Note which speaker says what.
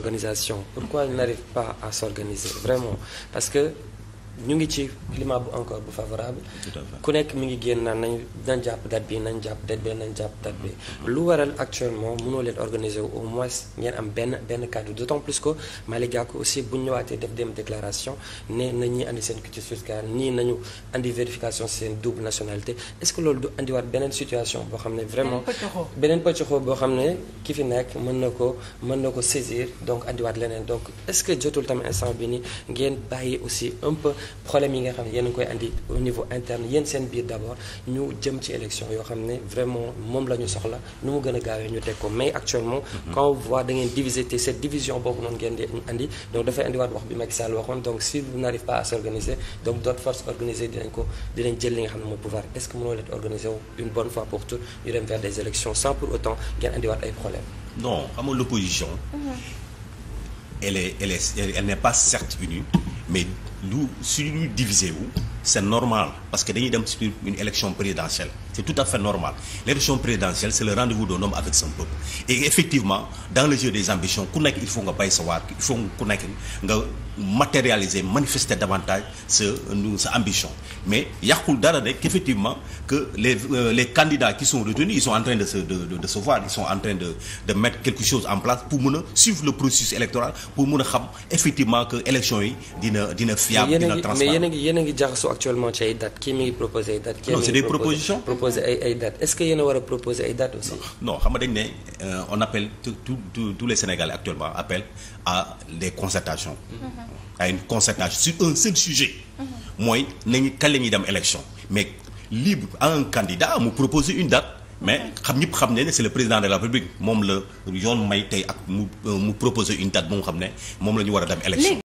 Speaker 1: organisation. Pourquoi ils n'arrivent pas à s'organiser Vraiment. Parce que ñu ngi ci climat bu encore bu favorable. ku nekk mi ngi génn naan nañ nañ jàpp date bi nañ jàpp date bi mm-hmm. lu waral actuellement mënoo leen organiser au moins ngeen am benn benn cadre d' autant plus que Malick Gakou aussi bu ñu ñëwaatee def dem déclaration ne na ñii andi seen culture fiscale nii nañu andi vérification seen double nationalité est loolu du andiwaat beneen situation boo xam ne vraiment. beneen pëccoxoo boo xam ne ki fi nekk mën na ko mën problème yi nga xam ne yéen a ngi koy andi au niveau interne yéen seen biir d'abord ñu jëm ci élection yoo xam ne vraiment moom la ñu soxla nu mu gën a gaawee ñu teg ko mais actuellement mhm. quand on voit da ngeen diviser te cette division boobu noonu ngeen di andi donc dafay andiwaat wax bi Macky Sall waxoon donc si vous n'arrivez pas à s'organiser donc d'autres forces organisées dinañ ko dinañ jël li nga xam ne moo pouvoir est-ce que mënoo leen organiser wu une bonne fois pour toutes ñu dem vers des élections sans pour autant ngeen
Speaker 2: mais lu suñuy divisé wu c'est normal parce que dañuy dem sur une élection présidentielle C'est tout à fait normal. L'élection présidentielle, c'est le rendez-vous d'un homme avec son peuple. Et effectivement, dans le jeu des ambitions, ku nekk il faut nga bay sa waar il faut ku nekk nga matérialiser, manifester davantage sa euh, ambition. Mais yàqul dara rek qu'effectivement que euh, les candidats qui sont retenus, ils sont en train de se voir, ils sont en train de mettre quelque chose en place pour mën a suivre le processus électoral pour mën a xam effectivement que élection yi a ngi
Speaker 1: yéen a ngi jaxasoo actuellement ci ay dates, kii mi ngi proposé date, kii mi ngi proposer ay ay dates est-ce que yéen a war a
Speaker 2: proposer ay dates aussi. non xam nga ne euh, on appelle tout tout tous les Sénégalais actuellement appellent à des concertations. Mm-hmm. à une concertation sur un seul sujet. Mm-hmm. mooy nañu kañ la ñuy dem élection mais libre à un candidat mu proposer une date. mais xam ñëpp xam ne si c'est le président de la République moom la yoon may tey ak mu euh, mu proposer une date bu nga xam ne moom la ñu war a dem élection